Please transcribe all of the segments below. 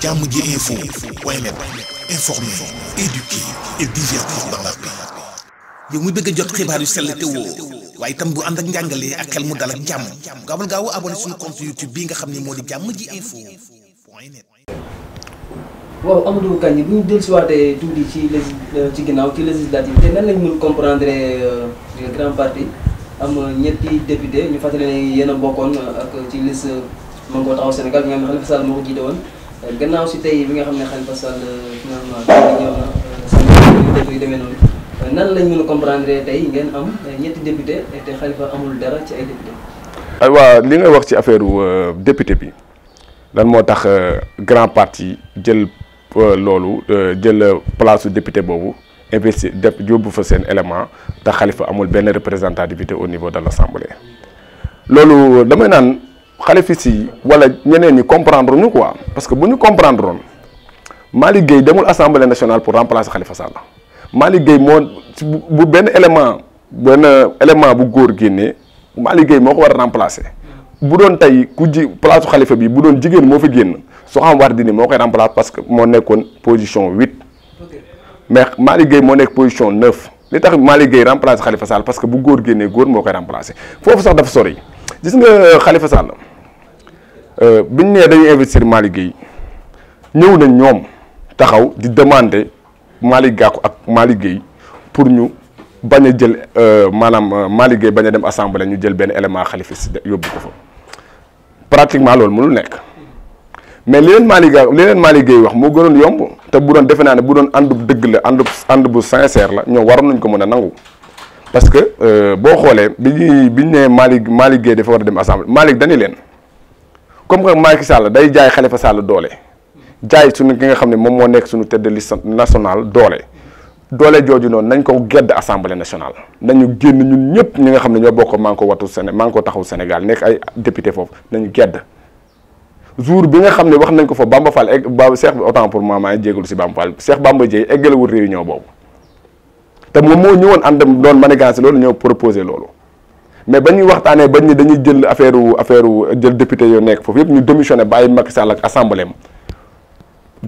jàmm ji info point net informer, éduquer yow mi bëgg a jot xibaar yu sell te woo waaye itam bu ànd ak njàngalee ak xel mu dal ak jàmm gaawal gaaw abonné suñu compte YouTube bii nga xam ne moo di jàmm ji info point net. waaw Amadou Kandji bu ñu dellusiwaatee ginnaaw ci législative te nan lañ mën euh, grand parti am ñetti député ñu fàttali ne yéen a bokkoon euh, ak ci liste Manko Taxawu Sénégal nga xam ne Khalifa moo ko jiite woon. Euh, gannaaw si tey bi nga xam ne Khalifa Sall euh, finalement tey ñëw na euh, sànq yu demee noonu nan lañ mën a comprendre tey ngeen am ñetti député te Khalifa amul dara ci ay député. aywa ah, li ngay wax ci affaire député bi lan moo tax grand parti jël loolu jël place su boobu investi def yóbbu fa seen élément te xalifa amul benn représentativité au niveau de l' assemblée loolu damay naan. xalifis yi wala ñeneen ñi comprendre ñu quoi parce que bu ñu comprendre woon maa liggéey demul assemblée nationale pour remplacer Khalifa Sall Malick Gueye moo bu benn élément benn élément bu góor génnee Malick Gueye moo ko war a remplacer bu doon tey ku ji place xalifa bi bu doon jigéen moo fa génn soo xam war di moo koy remplacer parce que moo nekkoon position huit mais Malick Gueye moo nekk position neuf li tax Malick Gueye remplacer Khalifa parce que bu góor génnee góor moo koy remplacer foofu sax dafa sori. gis nga euh, Khalifa Sall euh, biñ nee dañuy investir Malick Gueye ñëw nañ ñoom taxaw di demander Malick ak Malick Gueye pour ñu bañ a jël euh, maanaam Malick bañ a dem assemblée ñu jël benn élément Khalifa si yóbbu ko fa pratiquement loolu mënul nekk mais li leen Malick Gakou li leen Malick wax moo gënoon yomb te bu doon defe naa ne bu doon ànd bu dëgg la ànd bu ànd bu sincère la ñoom waroon nañ ko mën a nangu. parce que euh, boo xoolee bi ñuy bi ñu nee Malick Malick Gueye dafa war a dem assemblée Malick dañu leen comme que Macky Sall day jaay Khalifa Sall doole jaay suñu ki nga xam ne moom moo nekk suñu tête de liste nationale doole doole jooju noonu nañ ko gedd assemblée nationale nañu génn ñun ñëpp ñi nga xam ne ñoo bokk maa ngi ko watu Séné maa ngi ko taxaw Sénégal nekk ay député foofu nañu gedd jour bi nga xam ne wax nañ ko fa Bamba Fall egg ba Cheikh autant pour moi maa ngi jégalu si Bamba Fall Cheikh Bamba Dièye eggalewul réunion boobu te moom moo ñëwoon ànd doon manigancé loolu ñëw proposé loolu mais ba ñuy waxtaanee bañ ni dañuy jël affaire affaire jël député yoo nekk foofu yëpp ñu démissionné bàyyi Macky Sall ak assemblée am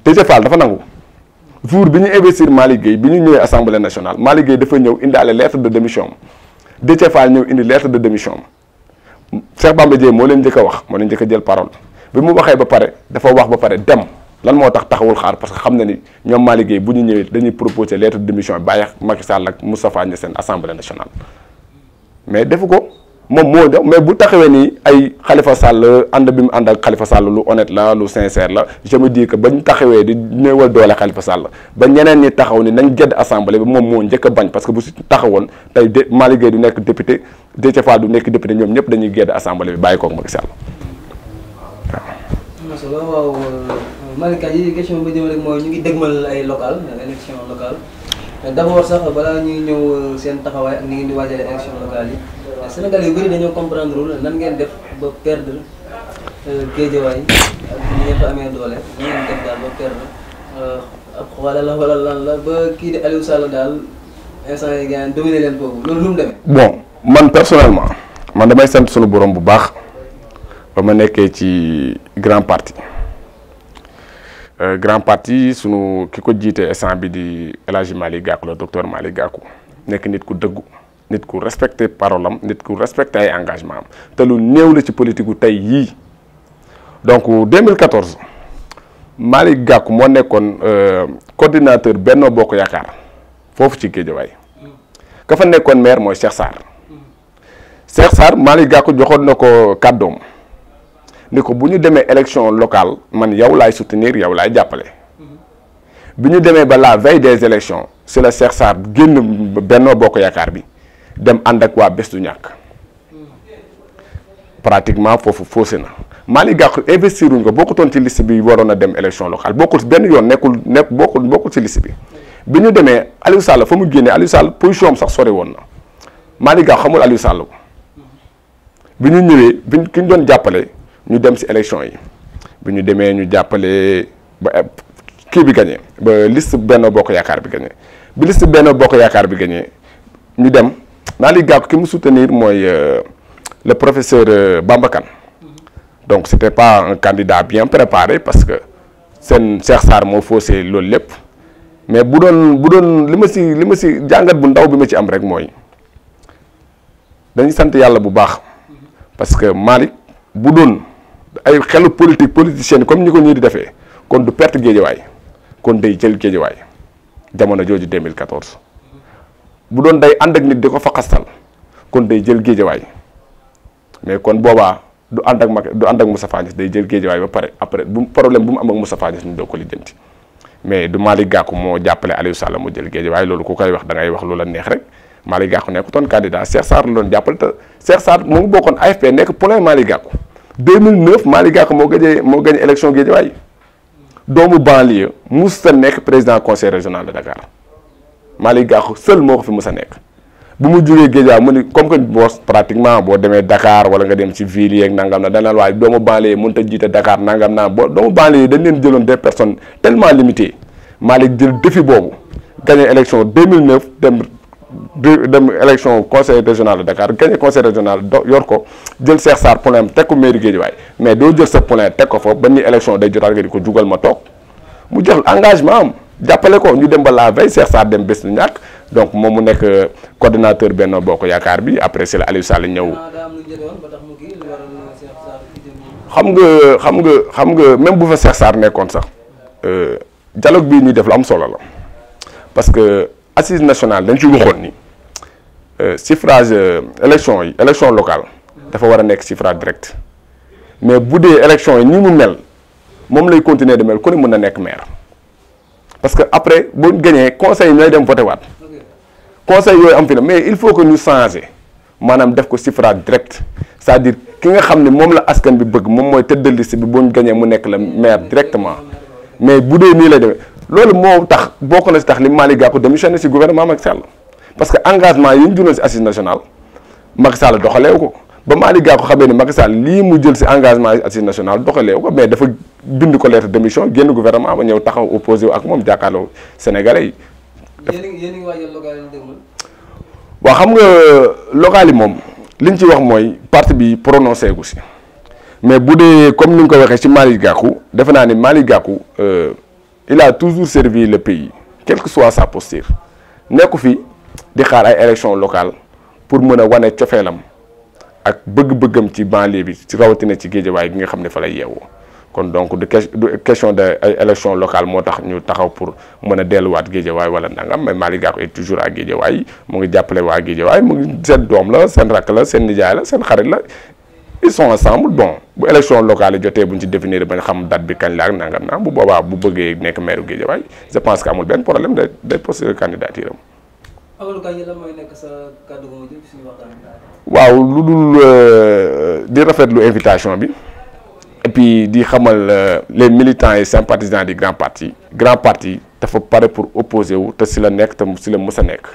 dafa nangu jour bi ñu investir Malick Gueye bi ñu ñëwee assemblée nationale Malick Gueye dafa ñëw indaale lettre de démission am Déthié ñëw indi lettre de démission am Cheikh Bamba Dièye moo leen njëkk wax moo leen njëkk a jël parole bi mu waxee ba pare dafa wax ba pare dem. lan moo tax taxawul xaar parce que xam na ni ñoom Malick Gueye bu ñu ñëwee dañuy proposer lettre de démission bàyyi Macky Sall ak Moustapha Niassène assemblée mais defu ko moom moo def mais bu taxawee ni ay xalifa Sall ànd bi mu ànd ak Khalifa Sall lu honnête la lu sincère la je me dis bañ taxawee di néewal doole xalifa Sall ba ñeneen ñi taxaw ni nañ jedd assemblée bi moom moo njëkk a bañ parce que bu si taxawoon tey de Malick Gueye du nekk député Déthié ñoom ñëpp dañuy gedd assemblée bi bàyyi koog Macky Sall waaw. Malika yi question bi jëm rek mooy ñu ngi dégmal ay local élection locale d' abord sax balaa ñuy ñëw euh, seen taxawaay ak ni ngeen di waajalee élection locale yi Sénégal yu bëri dañoo comprendre wul nan ngeen def ba perdre euh, géejewaay ak ni ngeen fa amee doole nan ngeen euh, lan la ba kii di Aliou Sall daal instant yi gars yi dominé leen foofu loolu lu mu bon man personnellement man damay sant sunu borom bu baax ba ma nekkee ci grand parti. Euh, grand parti sunu ki ko jiite instant bi di El Hadj Malick la docteur Malick Gakou nekk nit ku dëggu nit ku respecté parole nit ku respecte ay engagement am te lu néew la ci politique gu tey yii donc 2014 gàkku moo nekkoon euh, coordinateur Benno Bokk Yaakaar foofu ci Guédiawaye ka fa nekkoon maire mooy Cheikh Sarr Cheikh Sarr maali Gakou joxoon na ko kàddoom. ni ko bu ñu demee élection local man yow laay soutenir yow laay jàppale. bi ñu demee ba la veille des élections si la Cheikh Sarr génn Benno Bokk Yaakaar bi dem ànd ak waa bés du ñàkk pratiquement foofu faussé na Malick Gakou investir wuñ ko toon ci liste bi waroon a dem élection locale bokkul benn yoon nekkul nekk bokkul bokkul ci liste bi bi ñu demee Aliou Sall fa mu génne Aliou Sall position am sax sori woon na Malick Gakou xamul Aliou bi ñu ñëwee bi ki jàppale. ñu dem si élection yi bu ñu demee ñu jàppale ba kii bi gagné ba liste Benno Bokk Yaakaar bi gagné bi liste Benno Yaakaar bi gagné ñu dem Malick Gakou ki mu soutenir mooy euh, le professeur euh, Bamba mm-hmm. donc c' était pas un candidat bien préparé parce que seen Cheikh Sarr moo faussé loolu lépp mais bu doon bu doon li ma si li ma si jàngat bu ndaw bi ma ci am rek mooy dañuy sant yàlla bu baax mm-hmm. parce que Malick bu doon. ay xelu politique politicienne comme ñi ko ñii di defee kon du perte géejawaay kon day jël géejawaay jamono jooju 2014 bu doon day ànd ak nit di ko fa xastal kon day jël géejawaay mais kon boobaa du ànd ak Macky du ànd ak Moustapha Niasse day jël géejawaay ba pare après bu problème bu mu am ak Moustapha Niasse ñu doo ko lijjanti mais du Malick Gakou moo jàppale Aliou Sall mu jël géejawaay loolu ku koy wax da ngay wax lu la neex rek Malick Gakou nekkutoon candidat Cheikh Sarr la doon jàppale te Cheikh Sarr mu ngi nekk poulain Malick Gakou 2009 Malick Gakou moo gagné moo gagné élection Guédiawaye doomu banlieue mu sa nekk président conseil régional de Dakar Malick Gakou seul moo ko fi mu sa nekk bu mu jugee Guédiawaye mu ni comme que boo pratiquement boo demee Dakar wala nga dem ci ville yeeg nangam na dañ leen waaye doomu banlieue mënut a jiite Dakar nangam naa boo doomu banlieue dañ leen jëloon des personnes tellement limitées Malick jël défi boobu gagné élection 2009 dem. du dem élection conseil régional de Dakar gagné conseil régional do yor ko jël Cheikh Sarr problème teg ko mairie Guédiawaye mais doo jël sa problème teg ko fa ba ni élection day jotaat nga ko jugal ma toog mu jox engagement jàppale ko ñu dem ba la veille Cheikh Sarr dem bés ni ñàkk donc moom mu nekk euh, coordinateur Benno Bokk Yaakaar bi après si la Aliou Sall ñëw. xam nga xam nga xam nga même bu fa Cheikh Sarr nekkoon sax euh, dialogue bii ñuy def lu am solo la parce assise nationale dañ ci waxoon ni euh, suffrage euh, élection yi élection locale dafa war a nekk suffrage direct mais bu dee élection yi ni mu mel moom lay continuer de mel ku ne mën na nekk maire parce que après bu boo gañee conseil yi dem voté waat conseil yooyu am fi na mais il faut que ñu changer maanaam def ko suffrage direct c'est-à-dire ki nga xam ne moom la askan bi bëgg moom mooy tête de liste bi boo ñu gañee mu nekk la maire directement mais bu dee nii lay demee loolu moo tax bokk na si tax li Malick Gakou démissionné si gouvernement Macky Sall parce que engagement yi ñu jëloon si assise nationale Macky Sall ko ba Malick Gakou xamee ni Macky Sall lii mu jël si engagement yi assise nationale doxaleewu ko mais dafa bind ko lettre démission génn gouvernement ba ñëw taxaw opposé wu ak moom jàkkaarloo Sénégalais yi. yéen xam nga local yi moom liñ ci wax mooy parti bi prononcé gu si mais bu dee comme ni nga ko waxee si mali Gakou defe naa ni Malick Gakou. Euh, il toujours servi le pays quelle que soit sa posture nekku fi di xaar ay élection locale pour mën a wane cofeelam ak bëgg-bëggam ci banlieue bi ci rawatina ci géejawaay gi nga xam ne fa lay yeewoo kon donc du question de ay élection local moo tax ñu taxaw pour mën a delluwaat géejawaay wala nangam mais Malick Gakou est toujours a géejawaay mu ngi jàppale waa géejawaay mu ngi seen doom la seen rakk la seen nijaay la seen xarit la ils sont ensemble bon bu élection locale yi bu ñu ci définir ba xam date bi kañ ak nangam naa bu boobaa bu bëggee nekk maire Guédiawaye je pense que amul benn problème day day posé lu dul euh, di rafetlu invitation bi et puis di xamal euh, les militants et sympathisants du grand parti. grand parti dafa pare pour opposer wu te si la nekk te si la mës a nekk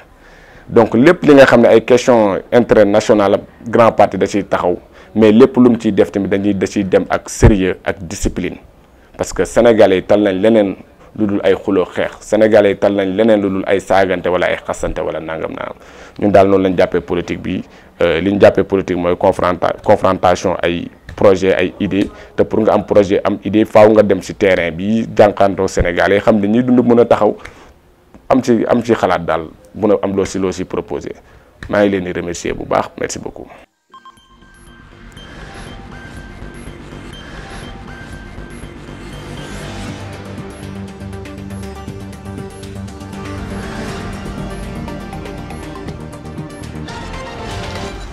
donc lépp li nga xam ne ay question intérêt national grand parti da ciy taxaw. mais lépp lu mu ciy def tamit dañuy da ciy dem ak sérieux ak discipline parce que yi tal nañ leneen lu dul ay xuloo xeex yi tal nañ leneen lu dul ay saagante wala ay xasante wala nangam nangam ñun daal noonu lañ jàppee politique bi euh, li ñu jàppee politique mooy confronta confrontation ay projet ay idée te pour nga am projet am idée faaw nga dem ci terrain bi jànqantoo sénégalais xam ne ñuy dund mën a taxaw am ci am ci xalaat daal mun a am loo si loo si proposé maa ngi leen di remercier bu baax merci beaucoup